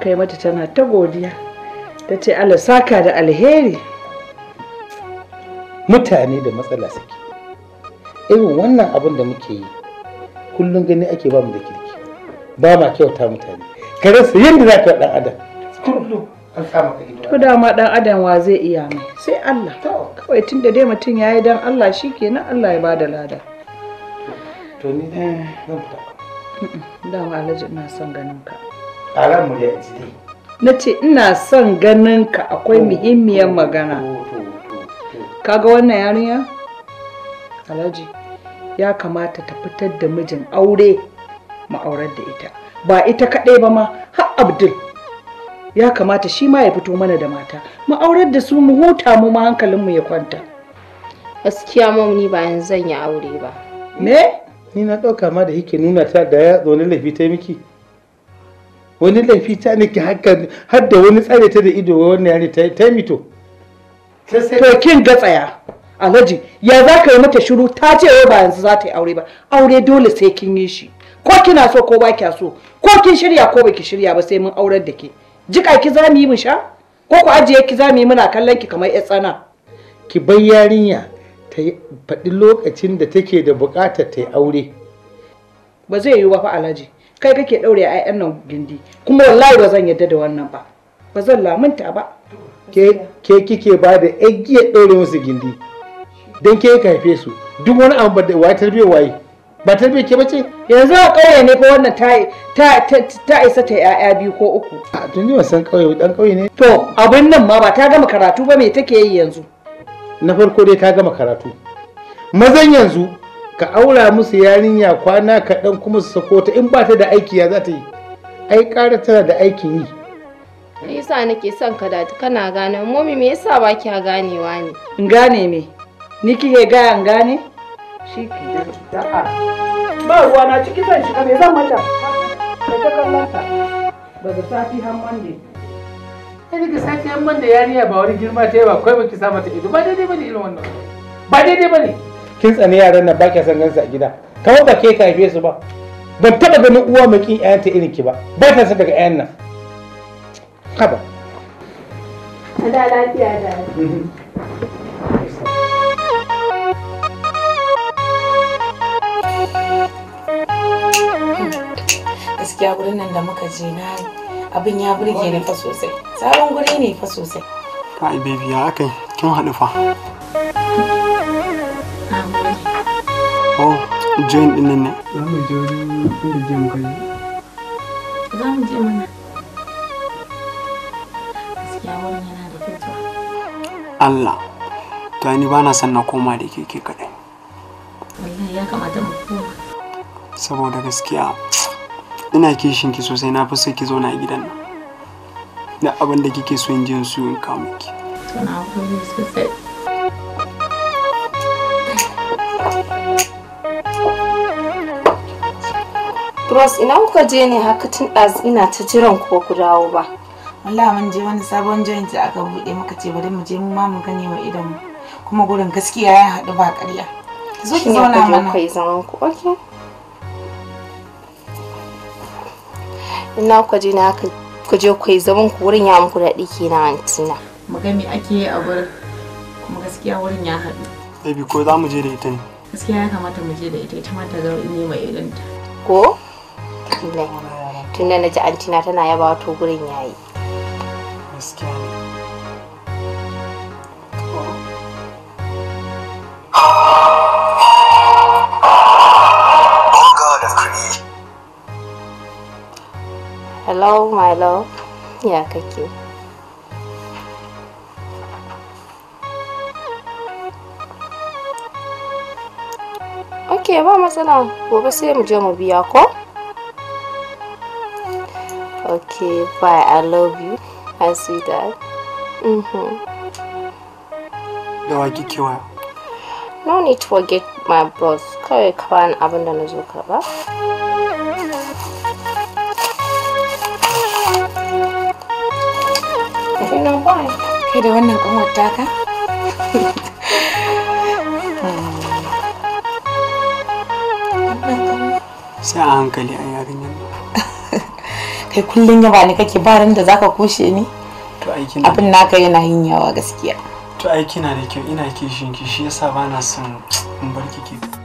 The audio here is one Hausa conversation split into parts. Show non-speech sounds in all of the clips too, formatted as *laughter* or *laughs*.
kai mata tana ta godiya ta ce Allah saka da alheri mutane da matsala suke irin wannan abin da muke yi kullum gani ake ba mu da kirki ba ma kyauta mutane kare su yadda za ka dan adam ko da ma dan adam wa zai iya mai sai Allah kawai tun da dai mutum ya yi dan Allah shi kenan Allah ya ba da lada to ni zan fita dama alhaji ina son ganin ka Nace ina son ganin ka akwai muhimmiyar magana kaga wannan yarinya alhaji ya kamata ta fitar da mijin aure ma'aurar da ita ba ita kaɗai ba ma har abdul ya kamata shi ma ya fito mana da mata ma'aurar da su mu huta mu ma mu ya kwanta gaskiya mom ni ba zan yi aure ba me ni na ɗauka ma da yake nuna ta da ya zo laifi ta miki wani laifi ta nake haka har da wani tsare ta da ido wannan yare ta ta mito to kin ga tsaya alhaji ya za ka yi mata shiru ta ce wai ba yanzu za ta yi aure ba aure dole sai kin yi shi ko kina so ko ba kya so ko kin shirya ko baki shirya ba sai mun aurar da ke jika ki za mu yi mu sha ko ku ajiye ki za mu yi muna kallon ki kamar 'yar tsana ki bar yarinya ta faɗi lokacin da take da buƙatar ta yi aure ba zai yi ba fa alhaji kai kake daure ƴaƴan nan gindi kuma wallahi ba zan yadda da wannan ba ba zan lamunta ba ke ke kike ba da igiyar daure musu gindi dan ke ka haife su duk wani abu da wai tarbiyyar waye ba tarbiyyar ke bace yanzu a ƙauye ne fa wannan ta ta isa ta 'ya'ya, biyu ko uku a tun ji san ƙauye dan ƙauye ne to abin nan ma ba ta gama karatu ba me take yi yanzu na farko dai ta gama karatu mazan yanzu ka aura musu yarinya kwana kaɗan kuma su sako ta in ba ta da aiki ya za ta yi ai ƙara tana da aikin yi me yasa nake son ka da kana gane momi me yasa ba kya ganewa ne in gane me ni kike ga in gane shi ke da'a ba ruwa na ciki zan shiga me zan mata ka ta kallanta daga safi har mande kai daga safi har mande yarinya ba wani girma ta yi ba kai ba ki sa mata ido ba daidai bane irin wannan ba daidai bane kin tsani yaran nan ba kya san gansu a gida kamar ba ke ka haife su ba ban taba ganin uwa mai kin ƴaƴanta irin ki ba ba ta san daga ƴaƴan nan haba da lafiya da mhm. gaskiya gurin nan da muka je na abin ya burge ni fa sosai sabon guri ne fa sosai kai baby ya kai kin haɗu fa join din nan ne za mu je wani inda je kai za mu je mana yana da kyau Allah to ni ba na son na koma da keke kadai saboda gaskiya ina kishin ki sosai na fi so ki zauna a gidan nan da abin da kike so in je in su in kawo to na gode sosai boss ina kuka je ne haka tun ɗazu ina ta jiran ko ku dawo ba. Allah mun je wani sabon joint da aka buɗe muka ce bari mu je mu ma mu gane wa idan mu. Kuma gurin gaskiya ya haɗu ba ƙarya. Zo ki zauna mana. Shi ne zaman ku. Okay. Ina kuka je ne haka ku je ku zaman ku wurin ya muku daɗi kenan antina. Mu ga me ake yi a gurin Kuma gaskiya wurin ya haɗu. Baby ko za mu je da ita ne. Gaskiya ya kamata mu je da ita ita ma ta ga ne wa idanta. Ko? tun da na ji antina tana yaba to gurin yayi Hello, my love. Ya kake? Ok, ba matsala. Gobe sai mu je mu biya ko? okay bye i love you i see that mm-hmm you out. no need to forget my bros kawai ka bani abin da na zo karba kai da wannan kanwar taka sai a hankali a yarin kai kullum yaba ni kake ba ran da zaka kushe ni to abin naka yana yin yawa gaskiya to aiki na da kyau ina kishin ki shi yasa bana son in bar ki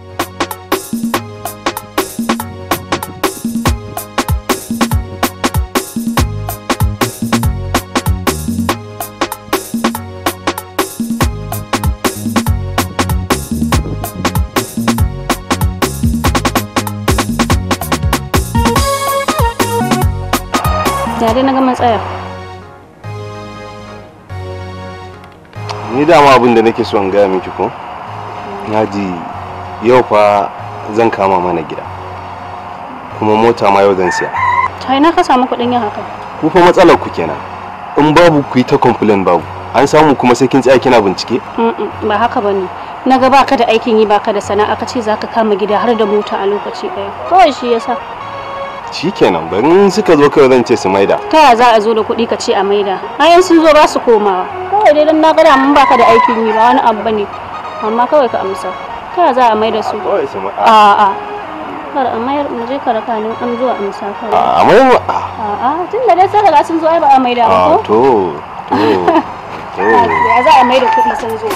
dai na ga tsaya. ni dama abin da nake so in gaya miki ko naji yau fa zan kama mana gida kuma mota ma yau zan siya ta ina ka samu kuɗin yin haka ku fa matsalar ku kenan in babu ku yi ta complain babu an samu kuma sai kin tsaya kina bincike ba haka bane na ga baka da aikin yi baka da sana'a ka ce zaka kama gida har da mota a lokaci ɗaya kawai shi yasa shikenan bari suka zo kawai zan ce su maida ta ya za a zo da kuɗi ka ce a maida bayan sun zo ba su komawa kawai dai dan na gada mun baka da aikin yi ba wani abu bane amma kawai ka amsa ta ya za a maida su a a kar a mayar mu je karaka ne an zo a amsa kawai a mayar a a tun da dai sai daga sun zo ai ba a maida ba ko to to *laughs* to ya za a maida kuɗi sun zo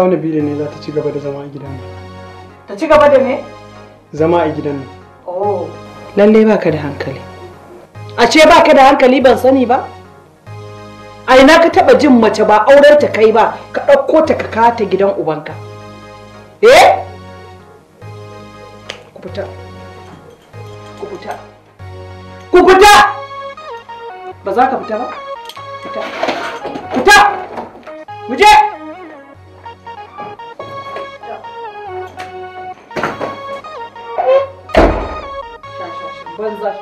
wani Nabila ne za ta ci gaba da zama a gidan nan. Ta ci gaba da ne? Zama a gidan nan. Oh. ba ka da hankali. A ce ba ka da hankali ban sani ba? A ina ka taba jin mace ba auren ta kai ba ka ɗauko ta ka kata ta gidan ubanka. Eh? Ku fita. Ku fita. Ku fita! Ba za ka fita ba? Fita. Fita! Mu je! akwai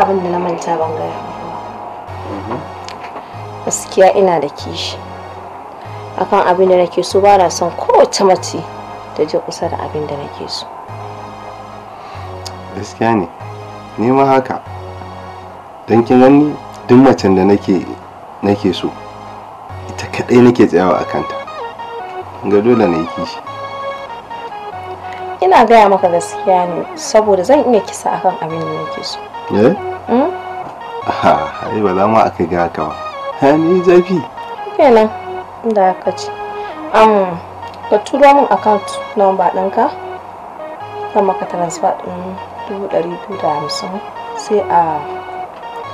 abin da na manta ban gaya mhm. gaskiya ina da kishi akan abin da nake so ba na son kowace mace ta je kusa da abin da nake so gaskiya ne nema haka don kin duk macen da nake so ita kadai nake tsayawa a kanta ga dole na yi kishi ina gaya maka gaskiya ne saboda zan iya kisa akan abin da nake so eh hmm? ai ba za mu aka ga haka ba ha ni zafi kenan da ka ci am ka turo min account number ɗinka zan maka transfer ɗin dubu ɗari biyu da hamsin sai a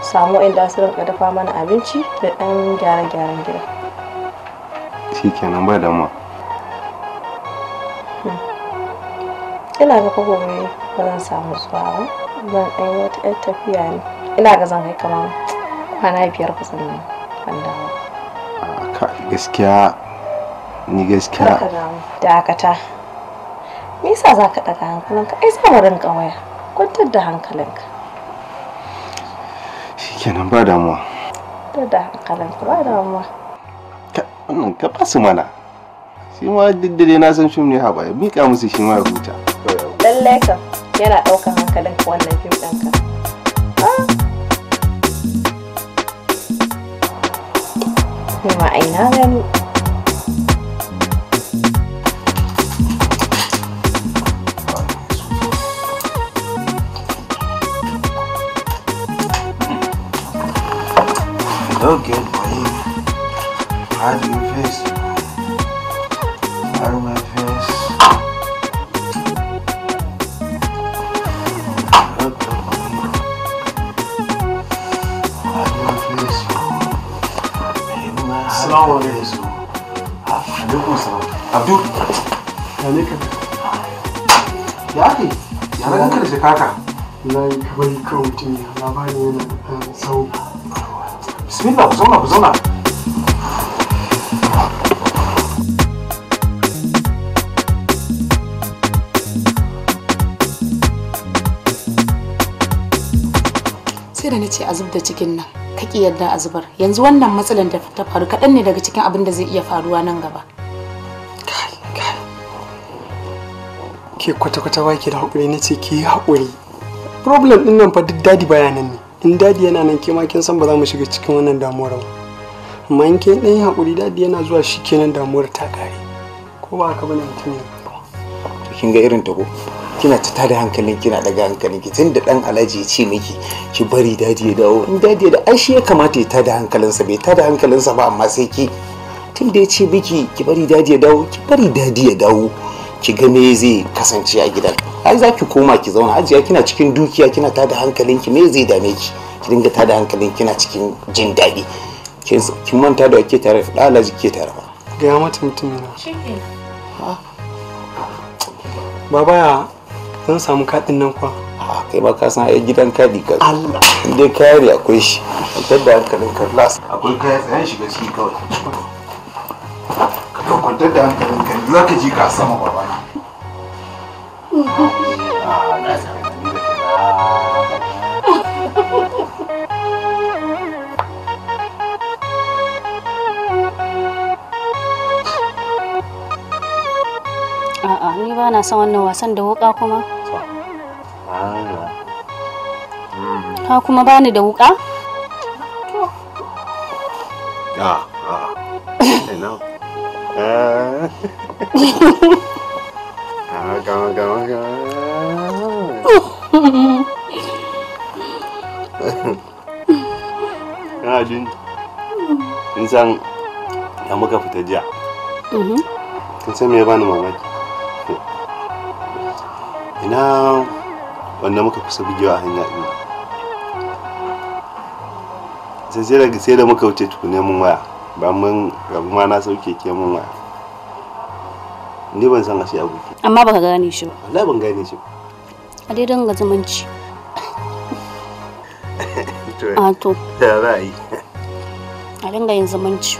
samu inda su rinka dafa mana abinci da ɗan gyara-gyaran gida shikenan ba damuwa ina ga kogo ne ba zan samu zuwa ba zan ɗan wata ɗan tafiya ne ina ga zan kai kamar kwana biyar kusan ne. ban dawo gaskiya ni gaskiya da ta. me yasa za ka ɗaga hankalinka ai za mu rinka waya kwantar da hankalinka shikenan ba damuwa da hankalinka ba damuwa wannan ka ba su mana shi ma duk da dai na san fim ne haɓa ya miƙa musu shi ma rubuta. lallai kam yana ɗaukar hankalin wannan fim ɗinka ah. kuma ai na gani Okay. hide my face. Hide my face. Look Hide my face. Hide my Assalamu alaikum. Alaikum salam. Abdul. Ya ne ka? Ya ake? Ya na ganka da jakaka. Wallahi ka bari kawai mutum ya labari yana da eh, tsawo. Bismillah ku zauna ku zauna. sai da nace a zub da cikin nan ka ki yadda a zubar yanzu wannan matsalar da ta faru kaɗan ne daga cikin abin da zai iya faruwa nan gaba ke kwata-kwata ba ki da haƙuri na ce ki yi haƙuri problem ɗin nan fa duk dadi bayanan ne in dadi yana nan ke ma kin san ba za mu shiga cikin wannan damuwar ba amma in ke ɗan yi haƙuri dadi yana zuwa shi kenan damuwar ta ƙare ko ba haka bane mutum ne ba. kin ga irin ta ko kina ta tada hankalin kina daga hankalin ki tunda dan alhaji ya ce miki ki bari daji ya dawo in daji da ai shi ya kamata ya tada hankalinsa bai tada hankalinsa ba amma sai ki tunda ya ce miki ki bari daji ya dawo ki bari daji ya dawo ki ga me zai kasance a gidan ai za ki koma ki zauna ajiya kina cikin dukiya kina tada ki me zai dame ki ki dinga tada hankalin kina cikin jin daɗi kin manta da ke tare da alaji ke tare ba ga mata mutum yana baba zan samu kaɗin nan kuwa ah, kai ba ka san ai gidan kaɗi ka Allah dai kaya ne akwai shi kwantar da hankalin ka las akwai kaya tsayan shiga ciki kawai ka kwantar da hankalin ka za ka ji ka sama babana ah, na ni ba na son wannan wasan da wuka kuma hmm. ka kuma bani da wuka Kana jin san muka fita jiya. Mm-hmm. Kin san me ya bani mamaki? ina wanda muka kusa bugewa hanya ɗin sai sai da sai da muka wuce tukune mun waya ba mun rabu ma na sauke ke mun waya ni ban san ashe abu amma baka gane shi ba wallahi ban gane shi ba a dai danga zumunci a *laughs* ah, to ya ra'ayi a dinga yin zumunci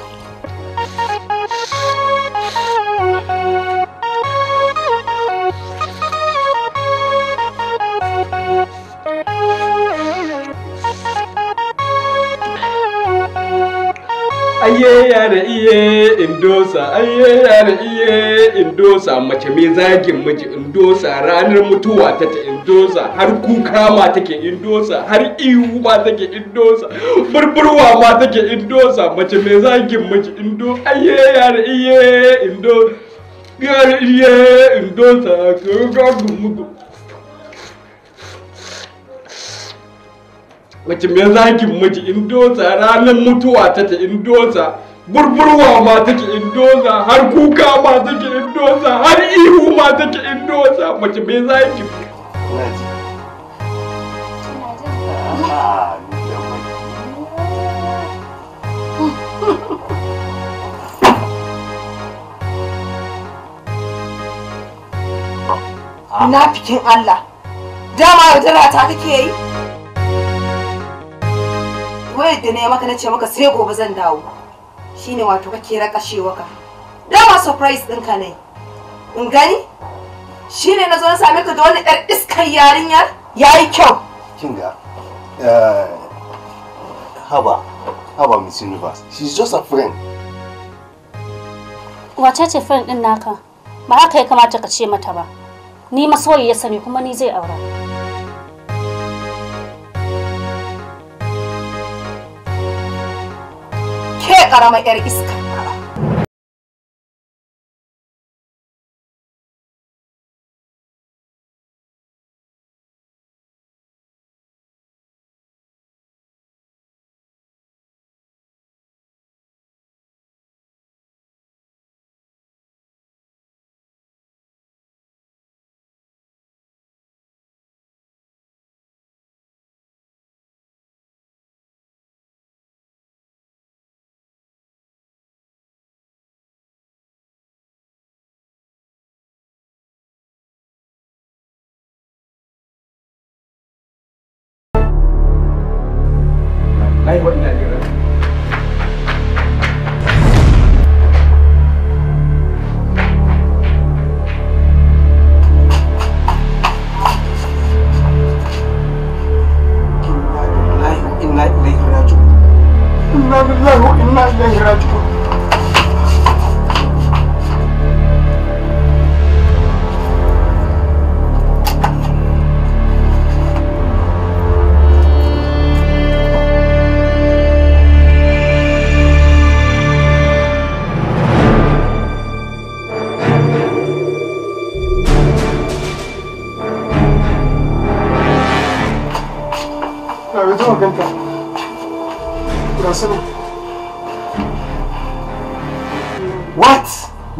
ayye ya da iye indosa ayye ya da iye indosa mace mai zagin miji indosa ranar mutuwa ta ta indosa har kuka ma take indosa har ihu ma take indosa burburwa ma take indosa mace mai zagin miji indo ayye ya iye indo ya da iye indosa ga mu mutu Mace me ki miji in doza ranar mutuwa ta ta in doza burburwa ma take in doza har kuka ma take in doza har ihu ma take in doza mace me Na fikin Allah, dama yaudara ta take yi? wai da na maka na maka sai gobe zan dawo shine wato kake rakashewa ka dama surprise dinka ne in gani shine nazo na same ka da wani ɗar iskar yarinya ya yi kyau kinga eh, haba haba miss universe she's just a friend wace ce friend din naka ba haka ya kamata ka ce mata ba ni masoyi ya sani kuma ni zai aura karamar yar iska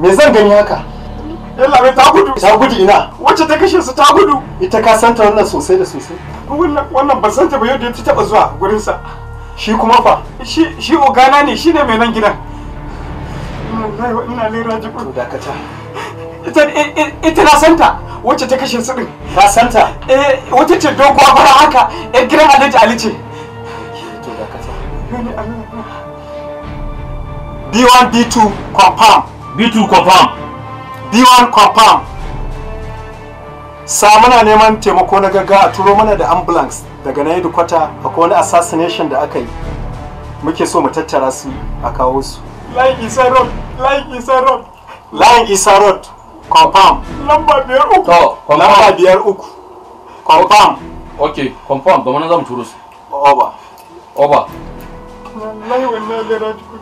me zan gani haka yalla bai ta gudu ta gudu ina wacce ta kashe su ta gudu ita ka santa wannan sosai da sosai wannan wannan ban santa ba yadda ta taba zuwa gurin sa shi kuma fa shi shi ogana ne shine mai nan gidan ina lera ku to dakata ita ita na santa wacce ta kashe su din ta santa eh wacce ce doguwa fara haka eh gidan Alhaji Ali ce to dakata B1 B2 confirm B2 confirm B1 confirm sa muna neman taimako na gaga a turo mana da ambulance daga na kwata akwai wani assassination da aka yi muke so mu tattara su a kawo su layin isa road layin isa road layin isa road confirm lamba biyar uku to lamba biyar uku confirm okay confirm domin za mu turo su oba oba yi wannan da rajin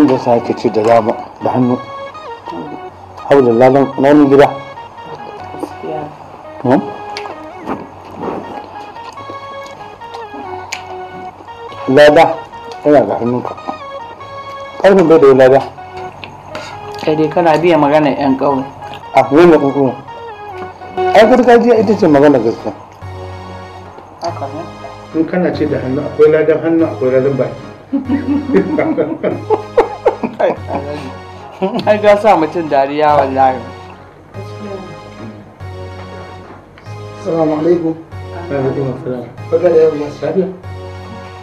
abin da yasa ake ce da dama da hannu hau da lalan nanin gida lada yana da hannunka ƙarfin bai da yi lada kai dai kana biya magana yan ƙauye a wani kuku ai gargajiya ita ce magana gaskiya haka ne in kana ce da hannu akwai ladan hannu akwai ladan baki *laughs* ai ga sa mutum dariya wallahi Assalamu alaikum.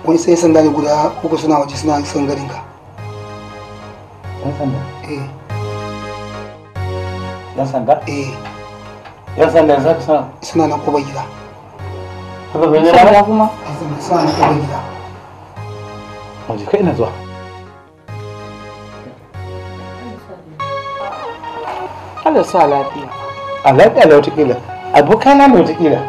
Wani sai sanda ne guda uku suna waje suna son garin ka. Yan sanda? Eh. Yan sanda? Eh. Yan sanda yanzu ka sa? Suna na kuma gida. Suna na koba gida. Suna na kuma gida. Waje kai na zuwa. Allah sa lafiya a lafiya da watakila abokana da watakila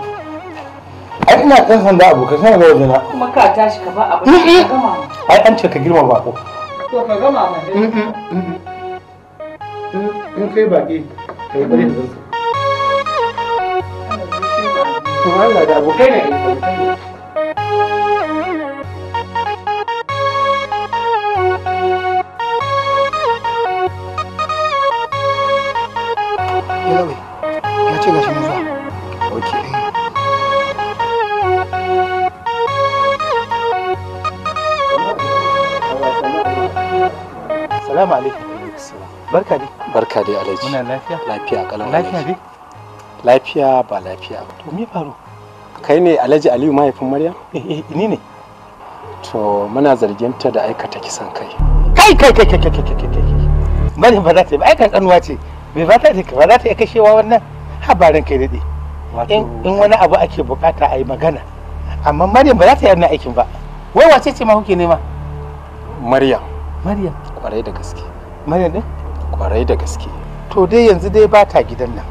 ai ina ɗan sanda abokai, sana da wajena kuma ka tashi ka ba abin ka gama ai an ce ka girma ko. to ka gama in kai kai bari da Allah da abokai barka dai barka dai alhaji muna lafiya lafiya kalan lafiya dai lafiya ba lafiya to me faru kai ne alhaji aliyu mahaifin maryam eh, eh ni ne to muna zargin ta da aikata kisan kai kai kai kai kai kai kai kai maryam ba za ta yi ba aikan kanuwa ce bai ba ta ba za ta iya kashewa wannan habarin kai dade in wani abu ake bukata a yi magana amma maryam ba za ta yi wannan aikin ba wai wace ce ma kuke nema maryam maryam kwarai da gaske maryam din kwarai da gaske to dai yanzu dai ba ta gidan nan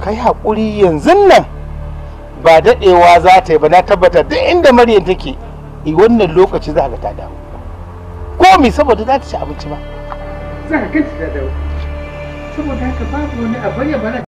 kai haƙuri yanzu nan ba daɗewa za ta yi ba na tabbata duk inda maryam take i wannan lokaci za ka ta dawo ko mi saboda za ta ci abinci ba za ka kanta ta dawo saboda haka babu wani abu ya bana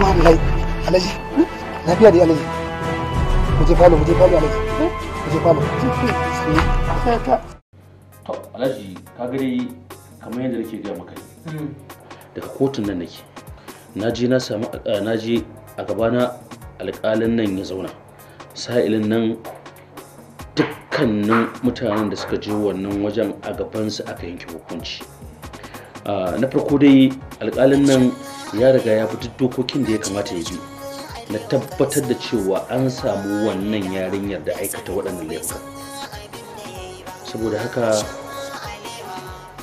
subhanallah alaji lafiya dai alaji mu je falo mu je falo alaji mu je falo to alaji ka kamar yadda nake gaya maka hmm. daga kotun nan nake na je na samu eh, na je a gabana alƙalin nan ya zauna sa'ilin nan dukkanin mutanen da suka je wannan wajen a gabansu aka yanke hukunci ah, na farko dai alƙalin nan ya riga ya fitar duk dokokin da ya kamata ya bi na tabbatar da cewa an samu wannan yarinyar da aikata waɗannan laifuka saboda haka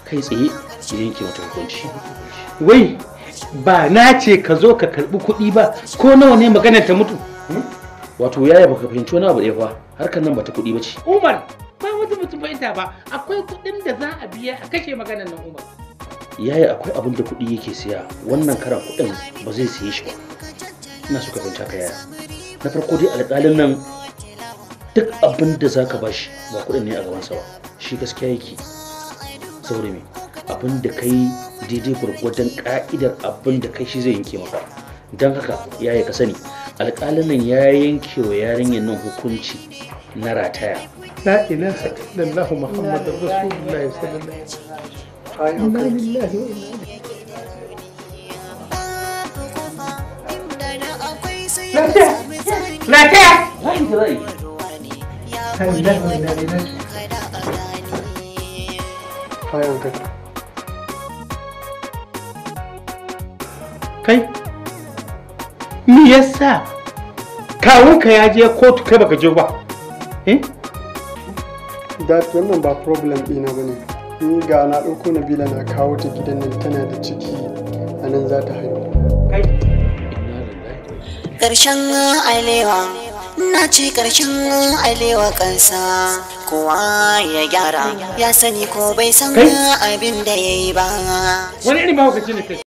kai tsaye ya yanke mata hukunci wai ba na ce ka zo ka karɓi kuɗi ba ko nawa ne maganar ta mutu hmm? wato yaya baka fahimci wani abu ɗaya harkar nan ba ta kuɗi ba ce umar ba wata mutum fahimta ba akwai kuɗin da za a biya a kashe maganar nan umar yayi akwai abin da kuɗi yake siya wannan karan kuɗin ba zai siye shi ba ina so ka fahimta ka yaya na farko dai alƙalin nan duk abin da za ka bashi ba kuɗin ne a gaban sa ba shi gaskiya yake saboda me abin da kai daidai gwargwadon ka'idar abin da kai shi zai yanke maka don haka yaya ka sani alƙalin nan ya yanke wa yarinyar nan hukunci na rataya la ilaha illallah Muhammadu Rasulullahi sallallahu alaihi wasallam inna lillahi wa Kai, me yasa kawunka ya je kotu kai baka je ba? Eh? Dat wannan ba problem ɗina ba ne. ni ga na ɗauko bila na kawo ta gidan nan tana da ciki a nan za ta haihu ƙarshen alewa na ce ƙarshen alewa kansa kowa ya gyara ya sani ko bai san abin da ya yi ba wani irin ba ne